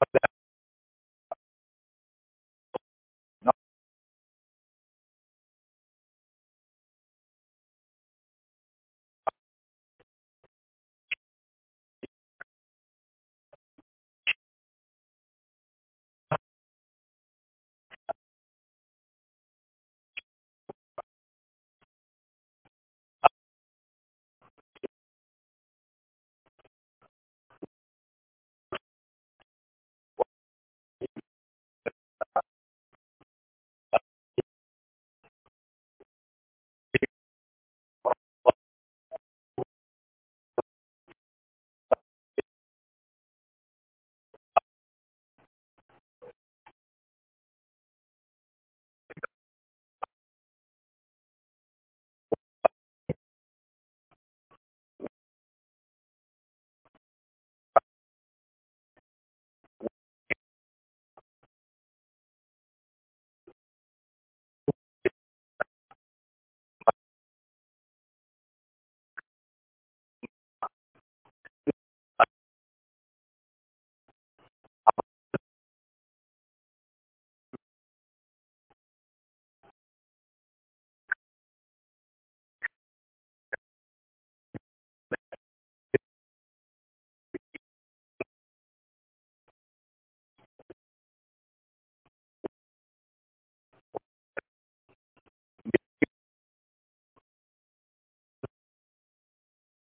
but that